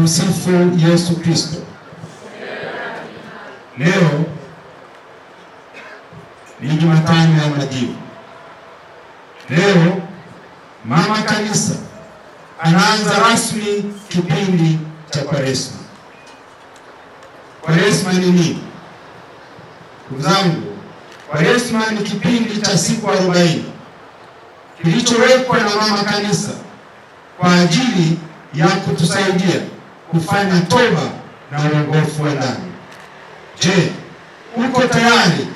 Tumsifu Yesu Kristo. Leo ni Jumatano ya Majivu. Leo mama kanisa anaanza rasmi kipindi cha Kwaresma. Kwaresma ni nini? Ndugu zangu, Kwaresma ni kipindi cha siku arobaini kilichowekwa na mama kanisa kwa ajili ya kutusaidia kufanya toba na uongofu wa ndani. Je, uko tayari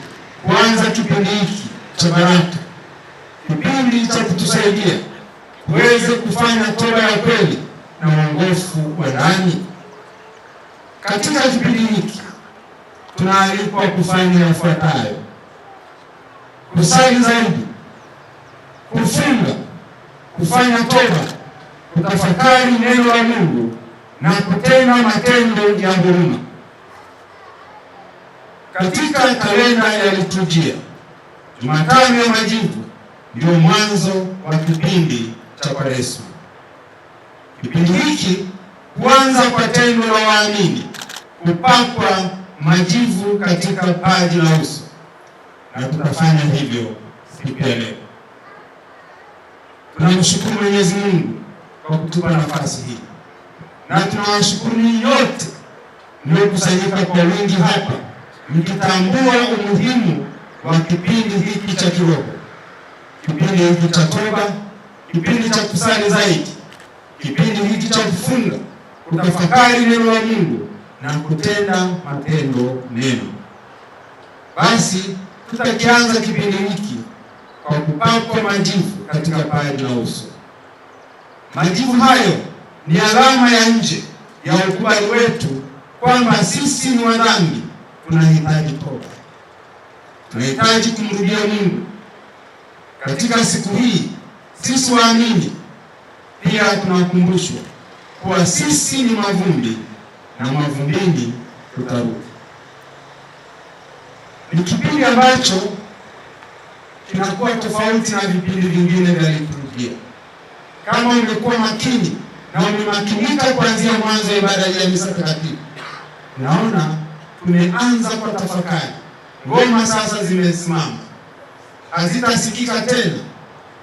kuanza kipindi hiki cha baraka, kipindi cha kutusaidia tuweze kufanya toba ya kweli na uongofu wa ndani? Katika kipindi hiki tunaalikwa kufanya yafuatayo: kusali zaidi, kufunga, kufanya toba, kutafakari neno la Mungu na kutenda matendo ya huruma. Katika kalenda ya liturujia, Jumatano ya Majivu ndio mwanzo wa kipindi cha Kwaresma. Kipindi hiki kwanza kwa tendo la waamini kupakwa majivu katika paji la uso, na tukafanya hivyo siku ya leo. Tunamshukuru Mwenyezi Mungu kwa kutupa nafasi hii na tunawashukuru yote mliokusanyika kwa wingi hapa, mkitambua umuhimu wa kipindi hiki cha kiroho, kipindi hiki cha toba, kipindi cha kusali zaidi, kipindi hiki cha kufunga, kutafakari neno la Mungu na kutenda matendo mema. Basi tutakianza kipindi hiki kwa kupakwa majivu katika paji na uso. Majivu hayo ni alama ya nje ya ukubali wetu kwamba sisi ni wadhambi, tunahitaji toba, tunahitaji kumrudia Mungu. Katika siku hii sisi waamini pia tunakumbushwa kuwa sisi ni mavumbi na mavumbini tutarudi. Ni kipindi ambacho kinakuwa tofauti na vipindi vingine vya liturujia. Kama ungekuwa makini na wametumika kuanzia mwanzo wa ibada ya misa takatifu. Naona tumeanza kwa tafakari. Ngoma sasa zimesimama, hazitasikika tena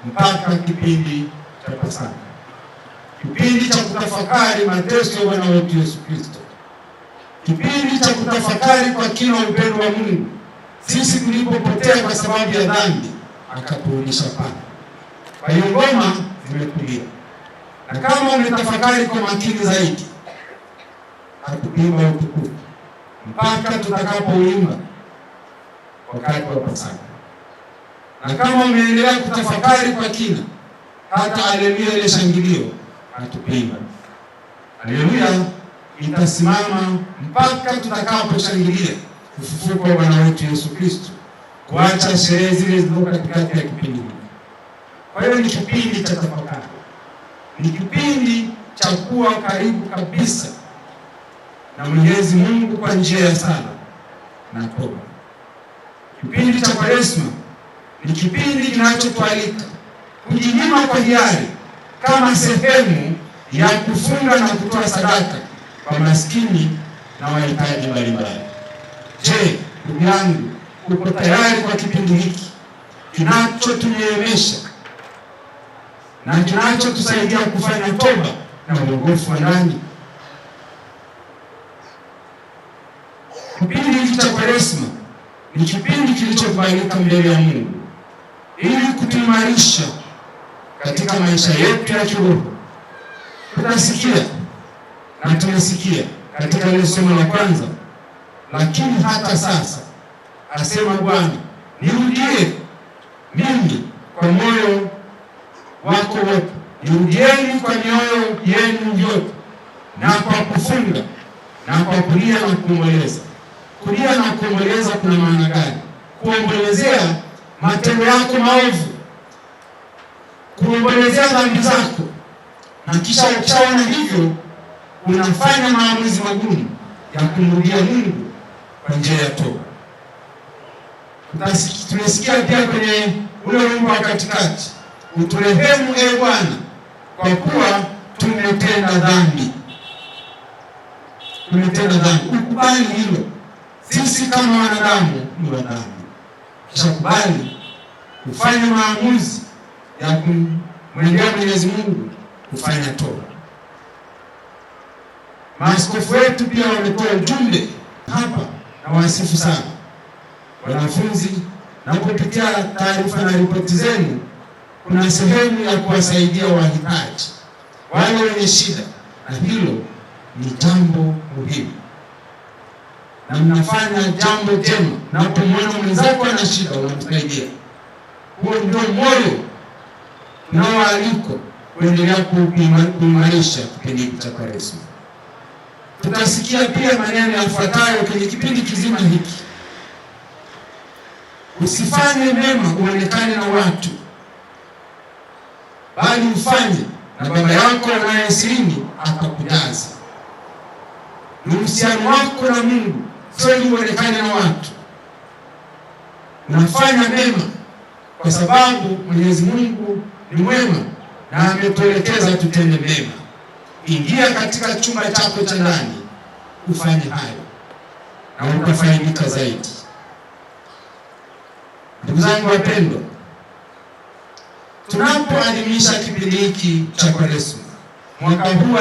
mpaka kipindi cha Pasaka, kipindi cha kutafakari mateso ya Bwana wetu Yesu Kristo, kipindi cha kutafakari kwa kina upendo wa Mungu sisi tulipopotea kwa sababu ya dhambi, akatuonyesha pana. Kwa hiyo ngoma zimetulia na kama umetafakari kwa makini zaidi, hatukuimba utukufu mpaka tutakapoimba wakati wa Pasaka, na kama umeendelea kutafakari kwa kina, hata aleluya ile shangilio hatukuimba. Aleluya itasimama mpaka tutakaposhangilia ufufuko wa Bwana wetu Yesu Kristo, kuacha sherehe zile zilizo katikati ya kipindi hiki. Kwa hiyo ni kipindi cha tafakari ni kipindi cha kuwa karibu kabisa na Mwenyezi Mungu kwa njia ya sala na toba. Kipindi cha Kwaresma ni kipindi kinachotualika kujinyima kwa hiari kama sehemu ya kufunga na kutoa sadaka kwa maskini na wahitaji mbalimbali. Je, ndugu yangu, uko tayari kwa kipindi hiki kinachotuneemesha na kinachotusaidia kufanya toba na uongofu wa ndani. Kipindi hiki cha Kwaresma ni kipindi kilichobainika mbele ya Mungu ili kutuimarisha katika maisha yetu ya kiroho. tunasikia na tumesikia katika ile somo la kwanza, lakini hata sasa asema Bwana, nirudie mimi kwa moyo wako wote, jurudieni kwa mioyo yenu yote na kwa kufunga na kwa kulia na kuomboleza. Kulia na kuomboleza kuna maana gani? Kuombolezea matendo yako maovu, kuombolezea dhambi zako, na kisha ukishaona hivyo, unafanya maamuzi magumu ya kumrudia Mungu kwa njia ya toba. Tunasikia pia kwenye ule wimbo wa katikati uturehemu e Bwana, kwa kuwa tumetenda dhambi, tumetenda dhambi. Ukubali hilo, sisi kama wanadamu ni wa dhambi, kisha kubali kufanya maamuzi ya kumwendea Mwenyezi Mungu, kufanya toba. Maaskofu wetu pia wametoa ujumbe hapa, na wasifu sana wanafunzi, na kupitia taarifa na ripoti zenu kuna sehemu ya kuwasaidia wahitaji wale wenye shida, na hilo ni jambo muhimu, na mnafanya jambo jema, na kumwona mwenzako ana shida unamsaidia. Huo ndio moyo unaoaliko kuendelea kuimarisha kipindi hiki cha Kwaresma. Tutasikia pia maneno yafuatayo kwenye kipindi kizima hiki: usifanye mema uonekane na watu bali ufanye na baba yako anaye sirini atakujaza. Ni uhusiano wako na Mungu, sio uonekane na watu. Unafanya mema kwa sababu Mwenyezi Mungu ni mwema na ametuelekeza tutende mema. Ingia katika chumba chako cha ndani ufanye hayo na utafaidika zaidi. Ndugu zangu wapendwa tunapoadhimisha kipindi hiki cha Kwaresma mwaka huu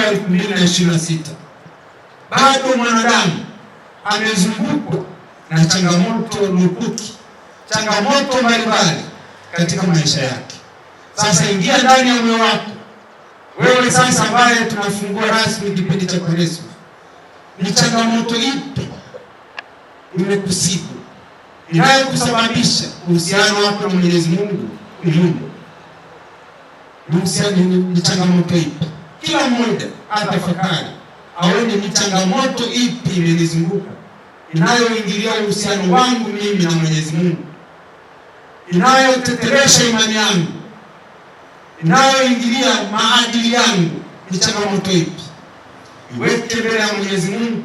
wa sita, bado mwanadamu amezungukwa na changamoto lukuki, changamoto mbalimbali katika maisha yake. Sasa ingia ndani ya moyo wako wewe sasa, ambaye tunafungua rasmi kipindi cha Kwaresma, ni changamoto ipi imekusibu inayokusababisha uhusiano wako na Mwenyezi Mungu uyumu ni changamoto ipi? Kila mmoja atafakari aone ni changamoto ipi imenizunguka inayoingilia uhusiano wangu mimi na Mwenyezi Mungu, inayoteteresha imani yangu, inayoingilia maadili yangu. Ni changamoto ipi? Iweke mbele ya Mwenyezi Mungu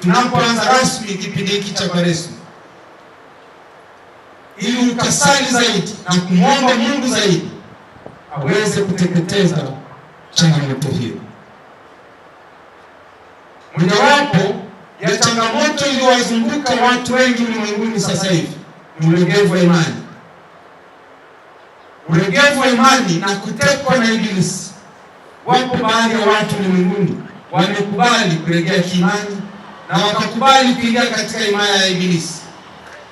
tunapoanza rasmi kipindi hiki cha Kwaresma, ili ukasali zaidi na kumwomba Mungu zaidi aweze kuteketeza changamoto hiyo. Mojawapo ya changamoto iliyowazunguka watu wengi ulimwenguni sasa hivi ni ulegevu wa imani, ulegevu wa imani na kutekwa na Ibilisi. Wapo baadhi ya watu ulimwenguni wamekubali kuregea kiimani na wakakubali kuingia katika imani ya Ibilisi.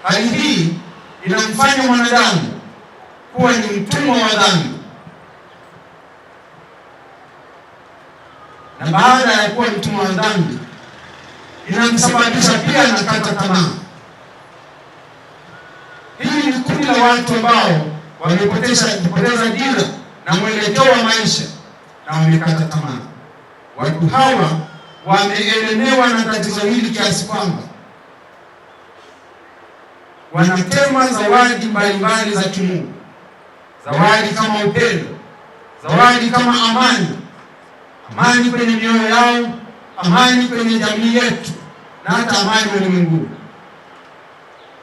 Hali hii inamfanya mwanadamu kuwa ni mtumwa wa dhambi na baada ya kuwa mtu wa dhambi inanisababisha pia nakata tamaa. Hili ni kundi la watu ambao wamepoteza dira na mwelekeo wa maisha na wamekata tamaa. Watu hawa wameelemewa na tatizo hili kiasi kwamba wanatema zawadi mbalimbali za kimungu, zawadi kama upendo, zawadi kama amani amani kwenye mioyo yao, amani kwenye jamii yetu na hata amani ulimwenguni.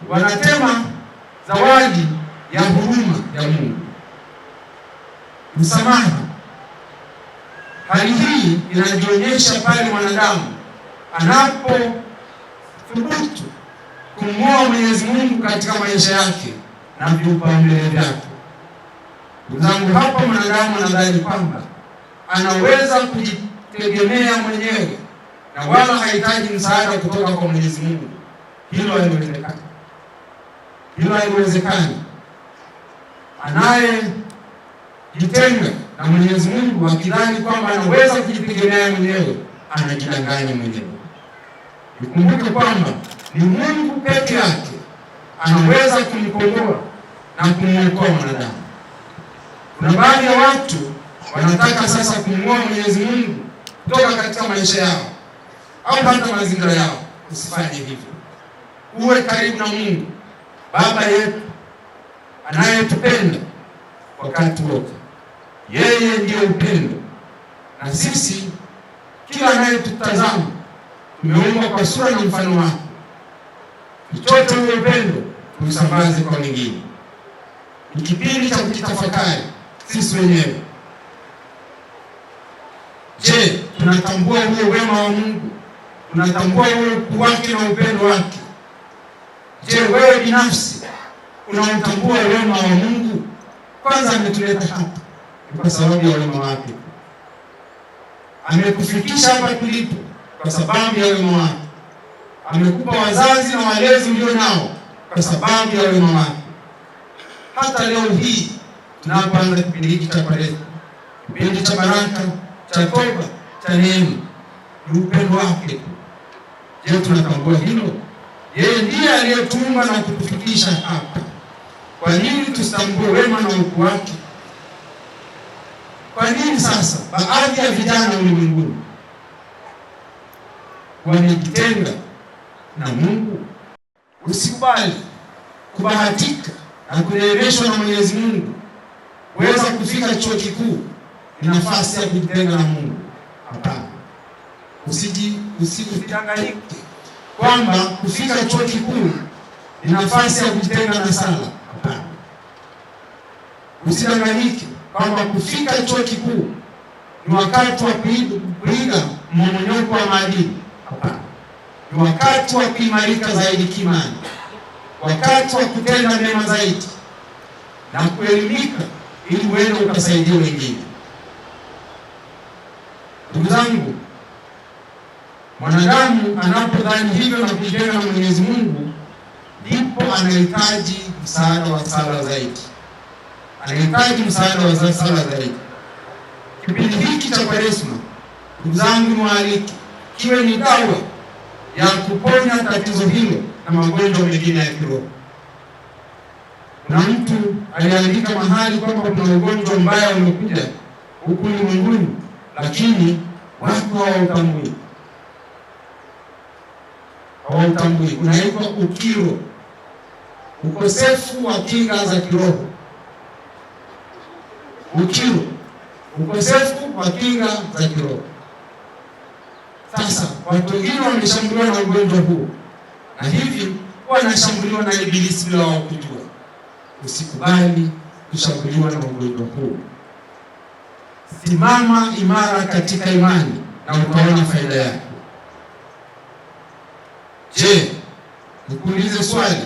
Wanatema zawadi ya huruma ya Mungu, msamaha. Hali hii inajionyesha pale mwanadamu anapothubutu kumng'oa Mwenyezi Mungu katika maisha yake na vipaumbele vyake. Ndugu zangu, hapa mwanadamu anadhani kwamba anaweza kujitegemea mwenyewe na wala hahitaji msaada kutoka kwa Mwenyezi Mungu. Hilo haliwezekani, hilo haliwezekani. Anayejitenga na Mwenyezi Mungu akidhani kwamba anaweza kujitegemea mwenyewe, anajidanganya mwenyewe. Nikumbuke kwamba ni Mungu peke yake anaweza kumkomboa na kumwokoa mwanadamu. Kuna baadhi ya watu wanataka sasa kumng'oa Mwenyezi Mungu kutoka katika maisha yao au hata mazingira yao. Usifanye hivyo, uwe karibu na Mungu Baba yetu anayetupenda wakati wote. Yeye ndiyo upendo, na sisi kila anayetutazama tumeumbwa kwa sura na mfano wake. Tuchote huwe upendo tuusambaze kwa wengine. Ni kipindi cha kujitafakari sisi wenyewe Je, tunatambua huo wema wa Mungu? Tunatambua huo ukuu wake na upendo wake? Je, wewe binafsi unamtambua wema wa Mungu? Kwanza ametuleta hapa ni kwa sababu ya wema wake. Amekufikisha hapa tulipo kwa sababu ya wema wake. Amekupa wazazi na walezi ulio nao kwa sababu ya wema wake. Hata leo hii tunapoanza kipindi hiki cha Kwaresma, kipindi cha baraka Chapemba Tarehemu ni upendo wake Je, tunatambua hilo? Yeye ndiye aliyetuma na kutufikisha hapa. Kwa nini tusitambue wema na ukuu wake? Kwa nini sasa baadhi ya vijana ulimwenguni wamejitenga na Mungu? Usikubali kubahatika na kurehemeshwa na Mwenyezi Mungu kuweza kufika chuo kikuu ni nafasi ya kujitenga na Mungu. Hapana, usiji usidanganyike kwamba kufika chuo kikuu ni nafasi ya kujitenga na sala. Hapana, usidanganyike kwamba kufika chuo kikuu ni wakati wa kuiga mmomonyoko wa maadili. Hapana, ni wakati wa kuimarika zaidi kimani, wakati wa kutenda mema zaidi na kuelimika, ili uende ukasaidia wengine. Ndugu zangu, mwanadamu anapodhani hivyo na kujitenga na Mwenyezi Mungu, ndipo anahitaji msaada wa sala zaidi, anahitaji msaada wa sala zaidi. Kipindi hiki cha Kwaresma, ndugu zangu, mwaliki kiwe ni dawa ya kuponya tatizo hilo na magonjwa mengine ya kiroho. Kuna mtu aliandika mahali kwamba kuna ugonjwa mbaya umekuja huku ulimwenguni lakini watu hawautambui, hawautambui. Unaitwa ukiro, ukosefu wa kinga za kiroho. Ukiro, ukosefu wa kinga za kiroho. Sasa watu wengine wameshambuliwa na ugonjwa huo na hivi wanashambuliwa na ibilisi bila wao kujua. Usikubali kushambuliwa na ugonjwa huo simama imara katika imani na utaona faida yake. Je, nikuulize swali,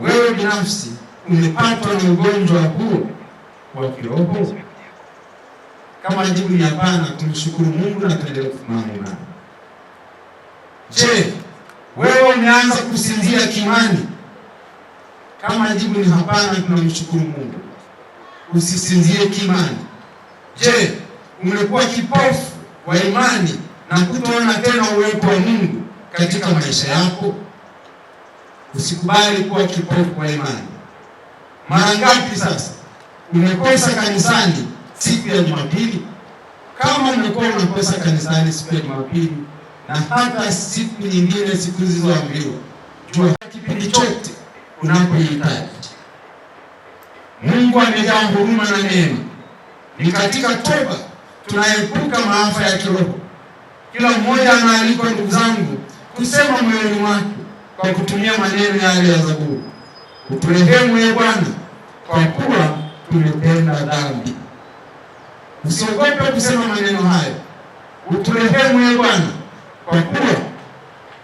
wewe binafsi umepatwa na ugonjwa huo wa kiroho? Kama jibu ni hapana, tumshukuru Mungu na tuendelee kusimama imani. Je, wewe umeanza kusinzia kimani? Kama jibu ni hapana, tunamshukuru Mungu. Usisinzie kimani. Je, mlikuwa kipofu wa imani na kutoona tena uwepo wa Mungu katika maisha yako? Usikubali kuwa kipofu kwa imani. Mara ngapi sasa umekosa kanisani siku ya Jumapili? Kama umekuwa unakosa kanisani siku ya Jumapili na hata siku nyingine, siku zilizoambiwa jua kipindi chote unapohitaji. Mungu amejaa huruma na neema ni katika toba tunaepuka maafa ya kiroho. Kila mmoja anaalikwa, ndugu zangu, kusema moyoni mwake kwa kutumia maneno yale ya Zaburi, uturehemu ye Bwana, kwa kuwa tumetenda dhambi. Usiogope kusema maneno hayo, uturehemu ye Bwana, kwa kuwa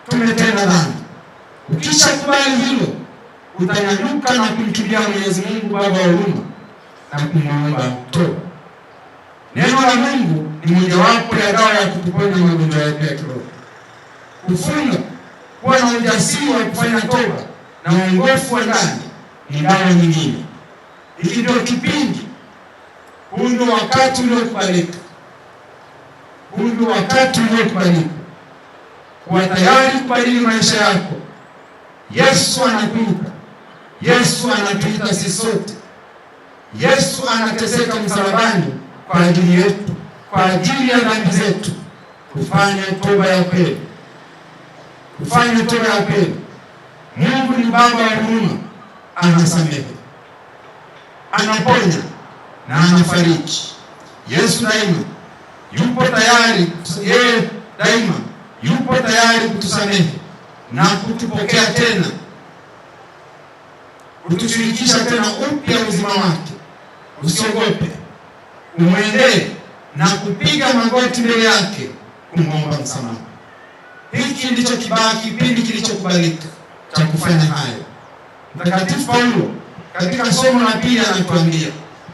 tumetenda dhambi. Ukisha kubali hilo, utanyanyuka na kumtulia Mwenyezi Mungu Baba wa huruma na kumwomba toba. Neno la Mungu ni mojawapo ya dawa ya kutuponya magonjwa yetu ya kiroho. Kufunga, kuwa na ujasiri wa kufanya toba na uongofu wa ndani ni dawa nyingine. Hiki ndio kipindi, huu ndio wakati uliokubalika, huu ndio wakati uliokubalika kuwa tayari kubadili maisha yako. Yesu anakuita, Yesu anatuita sisi sote. Yesu anateseka msalabani kwa ajili yetu, kwa ajili ya dhambi zetu, kufanya toba ya kweli, kufanya toba ya kweli. Mungu ni baba wa huruma, anasamehe, anaponya na anafariki. Yesu daima yupo tayari, yeye daima yupo tayari kutusamehe na kutupokea tena, kutushirikisha tena upya uzima wake. Usiogope umwendee na kupiga magoti mbele yake kumwomba msamaha. Hiki ndicho kipindi kilichokubalika cha kufanya hayo. Mtakatifu Paulo katika somo la pili anatuambia,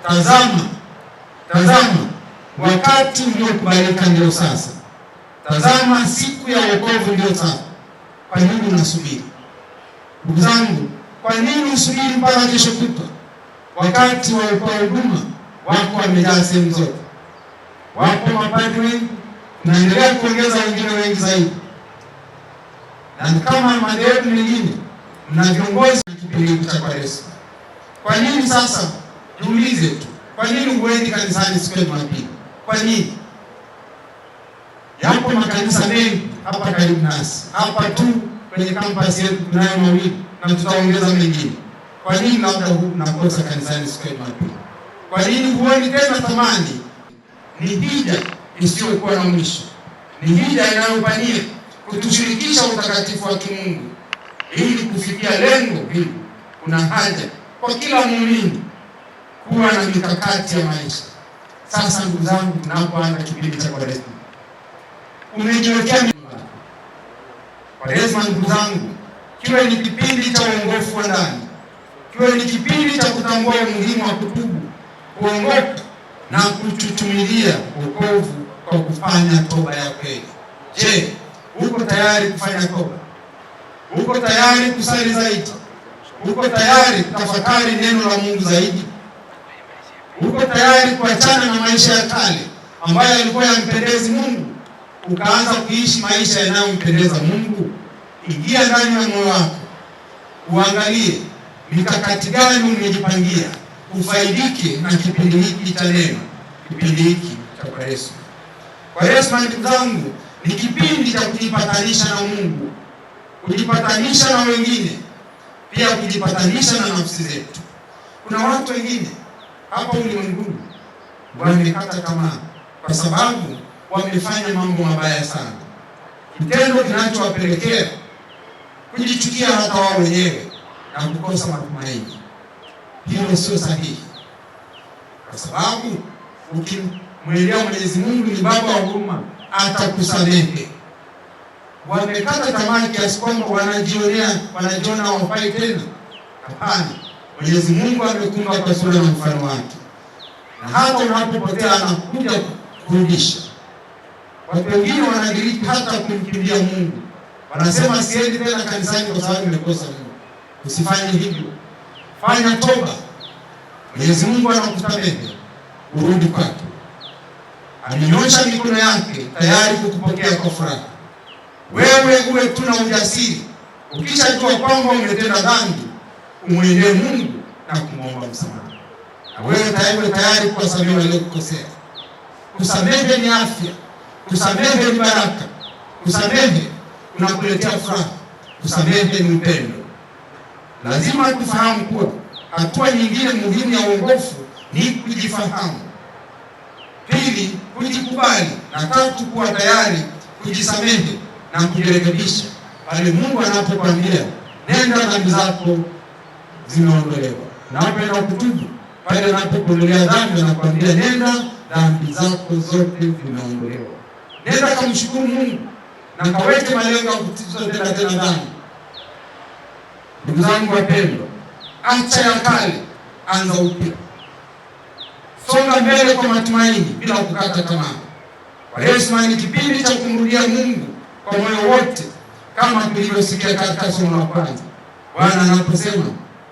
tazama, tazama wakati uliokubalika ndio sasa, tazama siku ya wokovu ndio sasa. Kwa nini unasubiri? Ndugu zangu, kwa nini usubiri mpaka kesho kutwa? Wakati wa utoa huduma wako wamejaa sehemu zote, wapo mapadri, tunaendelea kuongeza wengine wengi zaidi, na kama madhehebu mengine mna viongozi kipindi cha Kwaresma. Kwa nini sasa? Jiulize tu, kwa nini huendi kanisani siku ya Jumapili? Kwa nini? Yapo makanisa mengi hapa karibu nasi, hapa tu kwenye kampasi yetu tunayo mawili na tutaongeza mengine. Kwa nini labda nakosa kanisani siku ya Jumapili? Kwa nini huoni tena thamani? Ni hija isiyokuwa na mwisho, ni hija inayopania kutushirikisha utakatifu wa Kimungu. Ili kufikia lengo hili, kuna haja kwa kila muumini kuwa na mikakati ya maisha. Sasa ndugu zangu, tunapoanza kipindi cha Kwaresma, umejiwekea Kwaresma ndugu zangu, kiwe ni kipindi cha uongofu wa ndani, kiwe ni kipindi cha kutambua umuhimu wa kutubu kuongoka na kututumilia wokovu kwa kufanya toba ya kweli. Je, uko tayari kufanya toba? Uko tayari kusali zaidi? Uko tayari kutafakari neno la Mungu zaidi? Uko tayari kuachana na maisha ya kale ambayo yalikuwa yampendezi Mungu, ukaanza kuishi maisha yanayompendeza Mungu? Ingia ndani ya moyo wako uangalie mikakati gani umejipangia ufaidike na kipindi hiki cha neno, kipindi hiki cha Kwaresma. Kwaresma ndugu zangu, ni kipindi cha kujipatanisha na Mungu, kujipatanisha na wengine, pia kujipatanisha na nafsi zetu. Kuna watu wengine hapa ulimwenguni wamekata tamaa kwa sababu wamefanya mambo mabaya sana, kitendo kinachowapelekea kujichukia hata wao wenyewe na kukosa matumaini hilo sio sahihi, kwa sababu ukimwelea Mwenyezi Mungu ni baba wa huruma, atakusamehe. Wamekata tamaa kiasi kwamba wanajionea, wanajiona hawafai tena. Hapana, Mwenyezi Mungu amekuumba kwa sura na mfano wake, na hata unapopotea anakuja kurudisha. Watu wengine wanadiriki hata kumkimbia Mungu, wanasema siendi tena kanisani kwa sababu nimekosa Mungu. Usifanye hivyo fanya toba, Mwenyezi Mungu anakusamehe, urudi kwake. Amenyosha mikono yake tayari kukupokea kwa furaha. Wewe uwe tu na ujasiri, ukishajua kwamba umetenda dhambi, umwendee Mungu na kumwomba msamaha, na wewe uwe tayari kuwasamehe waliokukosea. Kusamehe ni afya, kusamehe ni baraka, kusamehe unakuletea furaha, kusamehe ni upendo. Lazima tufahamu kuwa hatua nyingine muhimu ya uongofu ni kujifahamu, pili kujikubali, na tatu kuwa tayari kujisamehe na kujirekebisha pale Mungu anapokwambia nenda, dhambi zako zimeondolewa. Napenda kutubu pale anapokuondolea dhambi, anakwambia nenda, dhambi zako zote zimeondolewa. Nenda kamshukuru Mungu na kaweke malengo ya kutotenda tena dhambi. Ndugu zangu wapendwa, acha ya kale, anza upya, songa mbele kwa matumaini bila kukata tamaa. Kwaresma ni kipindi cha kumrudia Mungu kwa moyo wote, kama tulivyosikia katika somo la kwanza. Bwana anaposema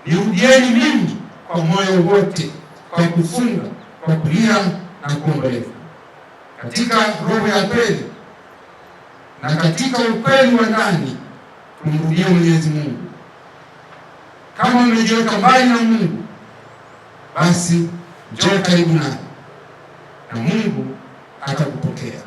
nirudieni mimi kwa moyo wote, kwa kufunga, kwa kulia na kuomboleza, katika roho ya kweli na katika ukweli wa ndani, kumrudia Mwenyezi Mungu. Kama umejiweka mbali na Mungu, basi njoo karibu naye na Mungu atakupokea.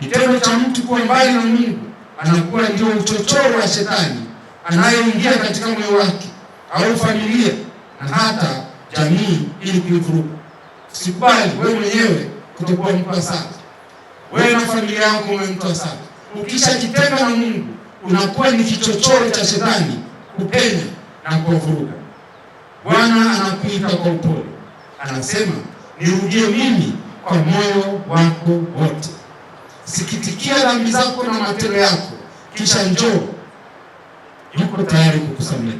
Kitendo cha mtu kuwa mbali na Mungu anakuwa ndio uchochoro wa shetani anayeingia katika moyo wake au familia na hata jamii ili kuivuruga. Sikubali wewe mwenyewe kutokuwa mtu wa sala, wewe na familia yako wewe mtu wa sala. kitenda na Mungu unakuwa ni kichochoro cha shetani kupenya na kuvuruga. Bwana anakuita kwa upole, anasema nirudie mimi kwa moyo wako wote, sikitikia dhambi zako na matendo yako, kisha njoo. Yuko tayari kukusamehe.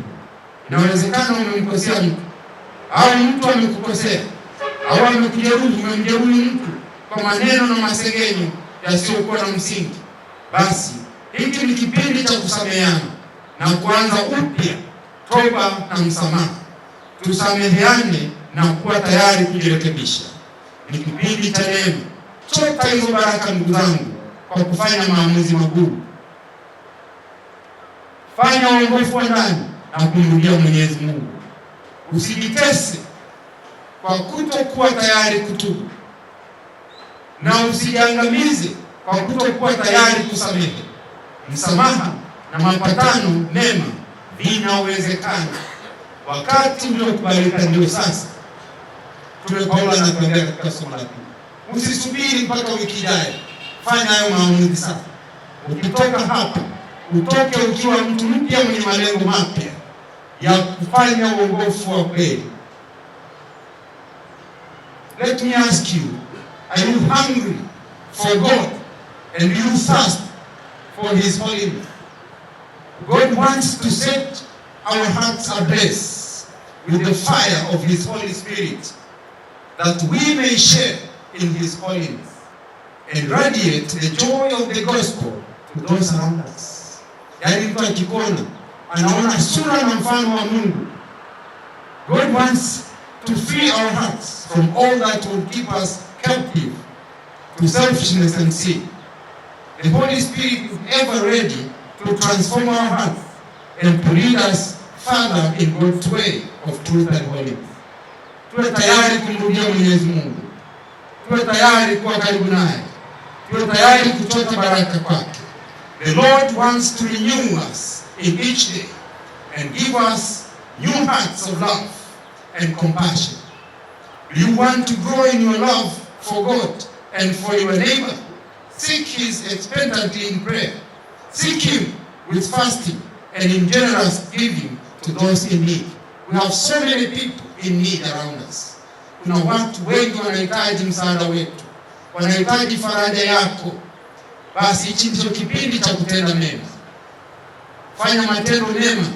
Inawezekana umemkosea mtu au mtu amekukosea au amekujeruhi, umemjeruhi mtu kwa maneno na masengenyo yasiyokuwa na msingi. Basi hiki ni kipindi cha kusameheana na kuanza upya toba na msamaha, tusameheane na kuwa tayari kujirekebisha. Ni kipindi cha neema. Chota hizo baraka, ndugu zangu, kwa kufanya maamuzi magumu. Fanya uongofu wa ndani na kumrudia Mwenyezi Mungu. Usijitese kwa kutokuwa tayari kutubu na usijiangamize kwa kutokuwa tayari kusamehe. Msamaha na mapatano mema vinawezekana. Wakati mliokubalika ndio sasa. Mtume Paulo anatuambia katika somo la pili, usisubiri mpaka wiki ijayo, fanya hayo maamuzi sasa. Ukitoka hapa, utoke ukiwa mtu mpya mwenye malengo mapya ya kufanya uongofu wa kweli. Let me ask you, are you hungry for God and you thirst for his holiness? God wants to set our hearts ablaze with the fire of His Holy Spirit that we may share in His holiness and radiate the joy of the gospel to those around us. Yaani mtu akikuona anaona sura na mfano wa Mungu. God wants to free our hearts from all that will keep us captive to selfishness and sin. The Holy Spirit is ever ready to transform our hearts and to lead us further in God's way of truth and holiness. Tuwe tayari kumrudia Mwenyezi Mungu, tuwe tayari kuwa karibu naye, tuwe tayari kuchota baraka kwake. The Lord wants to renew us in each day and give us new hearts of love and compassion. you want to grow in your love for God and for your neighbor? Seek His expectantly in prayer. Seek Him with fasting and in generous giving to those in need. We have so many people in need around us. You Kuna watu wengi wanahitaji msaada wetu, wanahitaji faraja yako. Basi hichi ndicho kipindi cha kutenda mema. Fanya matendo mema.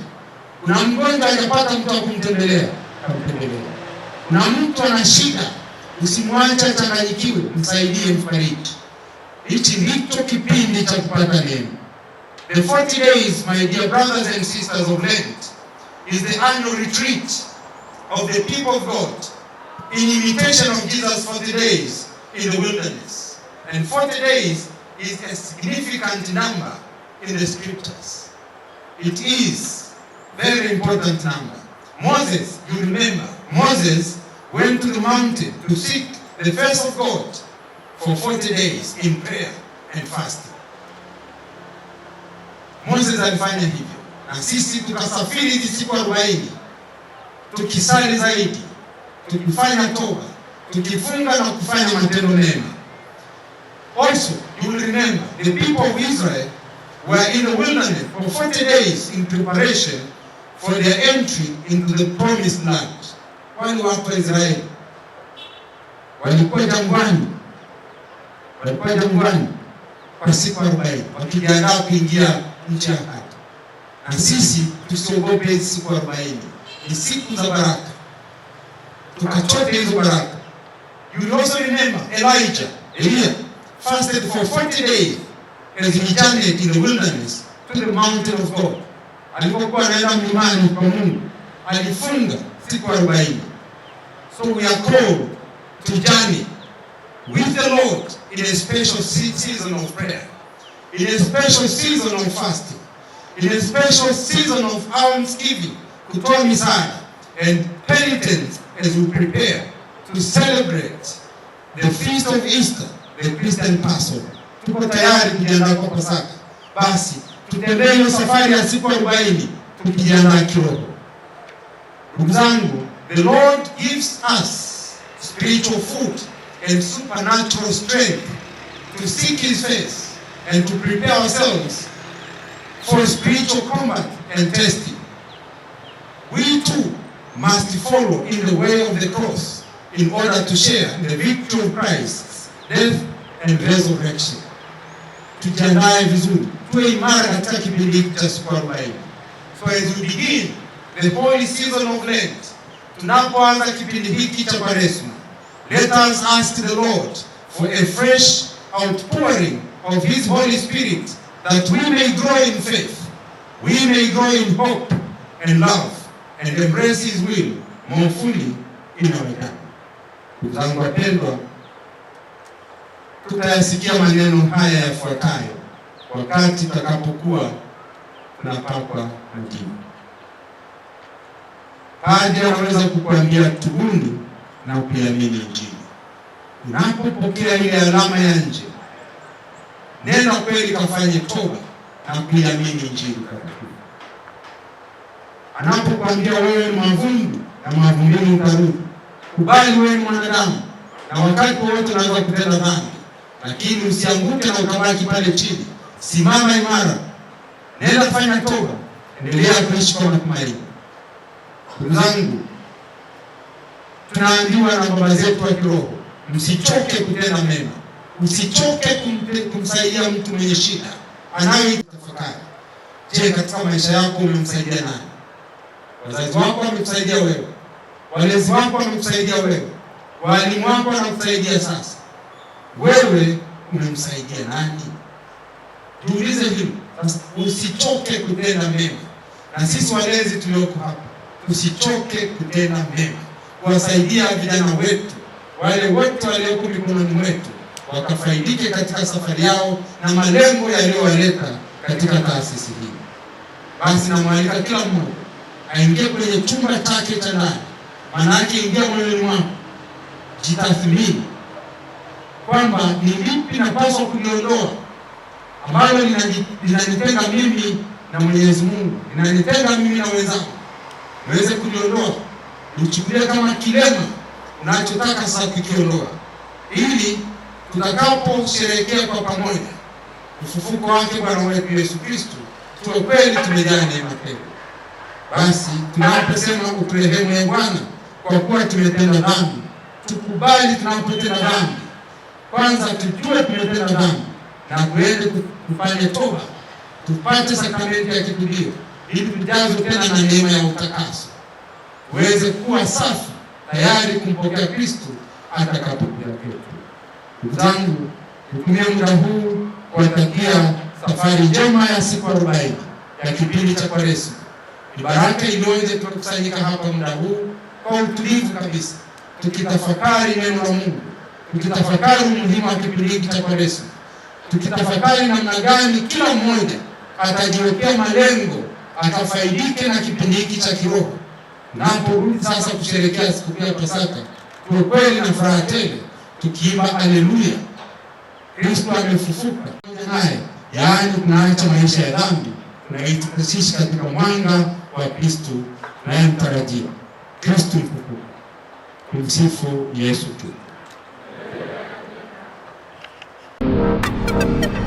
Kuna mgonjwa hajapata mtu wa kumtembelea, kumtembelea. Kuna mtu ana shida, usimwache achanganyikiwe, msaidie, mfariji. Hichi ndicho kipindi cha kupata neema. The 40 days, my dear brothers and sisters of Lent, is the annual retreat of the people of God in imitation of Jesus 40 days in the wilderness. And 40 days is a significant number in the scriptures. It is very important number. Moses, you remember, Moses went to the mountain to seek the face of God for 40 days in prayer and fasting. Moses alifanya hivyo na sisi tukasafiri hizi siku arobaini tukisali zaidi, tukifanya toba, tukifunga na kufanya matendo mema. Also you will remember the people of Israel were in the wilderness for 40 days in preparation for their entry into the promised land. Kwani watu wa Israeli walikuwa jangwani, walikuwa jangwani kwa siku arobaini wakijiandaa kuingia nchi ya Kati. Na sisi tusiogope hizi siku arobaini, ni siku za baraka, tukachote hizo baraka. You will also remember Elijah, Elia fasted for 40 days as he journeyed in the wilderness to the mountain of God. Alipokuwa anaenda mlimani kwa Mungu alifunga siku arobaini. So we are called to journey with the Lord in a special season of prayer in a special season of fasting, in a special season of almsgiving, kutoa misaada and penitence as we prepare to celebrate the feast of Easter, the Christian Passover. Tuko tayari kujiandaa kwa Pasaka, basi tutembee hiyo safari ya siku arobaini tukijiandaa kiroho. Ndugu zangu, the Lord gives us spiritual food and supernatural strength to seek his face and to prepare ourselves for spiritual combat and testing. We too must follow in the way of the cross in order to share the victory of Christ's death and resurrection. Tujiandae vizuri, tuwe imara katika kipindi hiki cha siku So as we begin the holy season of Lent, tunapoanza kipindi hiki cha Kwaresma, let us ask the Lord for a fresh outpouring of His Holy Spirit that we may grow in faith, we may grow in hope and love and embrace His will more fully inaonekana. Ndugu zangu wapendwa, tutayasikia maneno haya yafuatayo wakati takapokuwa tunapakwa majini. Padre anaweza kukuambia tubuni na kuiamini Injili. Unapopokea ile alama ya nje Nenda kweli kafanye toba na kuiamini Injili takatifu. Anapokwambia wewe mavumbi na mavumbini utarudi, kubali wewe mwanadamu, na wakati wowote unaweza kutenda dhambi, lakini usianguke na ukabaki pale chini. Simama imara, nenda fanya toba, endelea kuishi kwa matumaini. Ndugu zangu, tunaambiwa na baba zetu wa kiroho, msichoke kutenda mema msichoke kumsaidia mtu mwenye shida tafakari. Je, katika maisha yako umemsaidia nani? Wazazi wako wamekusaidia wewe, walezi wako wamekusaidia wewe, walimu wako wanakusaidia sasa. Wewe umemsaidia nani? Tuulize hilo. Usichoke kutenda mema, na sisi walezi tulioko hapa usichoke kutenda mema, kuwasaidia vijana wetu, wale wote walioko mikononi mwetu wakafaidike katika safari yao na malengo yaliyowaleta katika taasisi hii. Basi namwalika kila mmoja aingie kwenye chumba chake cha ndani, manake ingia moyoni mwako, jitathmini kwamba ni lipi napaswa kuliondoa ambalo linanipenga mimi na Mwenyezi Mungu, linanipenda mimi na wenzangu, niweze kuliondoa, nichukulie kama kilema unachotaka sasa kukiondoa ili tutakaposherehekea kwa pamoja ufufuko wake Bwana wetu Yesu Kristo, tuwe kweli tumejaa neema tele. Basi tunaposema uturehemu ya Bwana kwa kuwa tumetenda dhambi, tukubali tunapotenda dhambi, kwanza tujue tumetenda dhambi na kuende kufanya toba, tupate sakramenti ya kitubio ili tujazwe tena na neema ya utakaso, uweze kuwa safi tayari kumpokea Kristo atakapokuja kwetu zangu nitumie muda huu kuwatakia safari njema ya siku arobaini ya kipindi cha Kwaresma. Ni baraka ilioje tukakusanyika hapa muda huu kwa utulivu kabisa, tukitafakari neno la Mungu, tukitafakari umuhimu wa kipindi hiki cha Kwaresma, tukitafakari namna gani kila mmoja atajiwekea malengo akafaidike na kipindi hiki cha kiroho, naporudi sasa kusherekea sikukuu ya Pasaka kwa kweli na furaha tele tukiimba haleluya, Kristo amefufuka naye, yaani tunaacha maisha ya dhambi, tunaitukusisha katika mwanga wa Kristo mtarajia Kristo mfufuka. kumsifu Yesu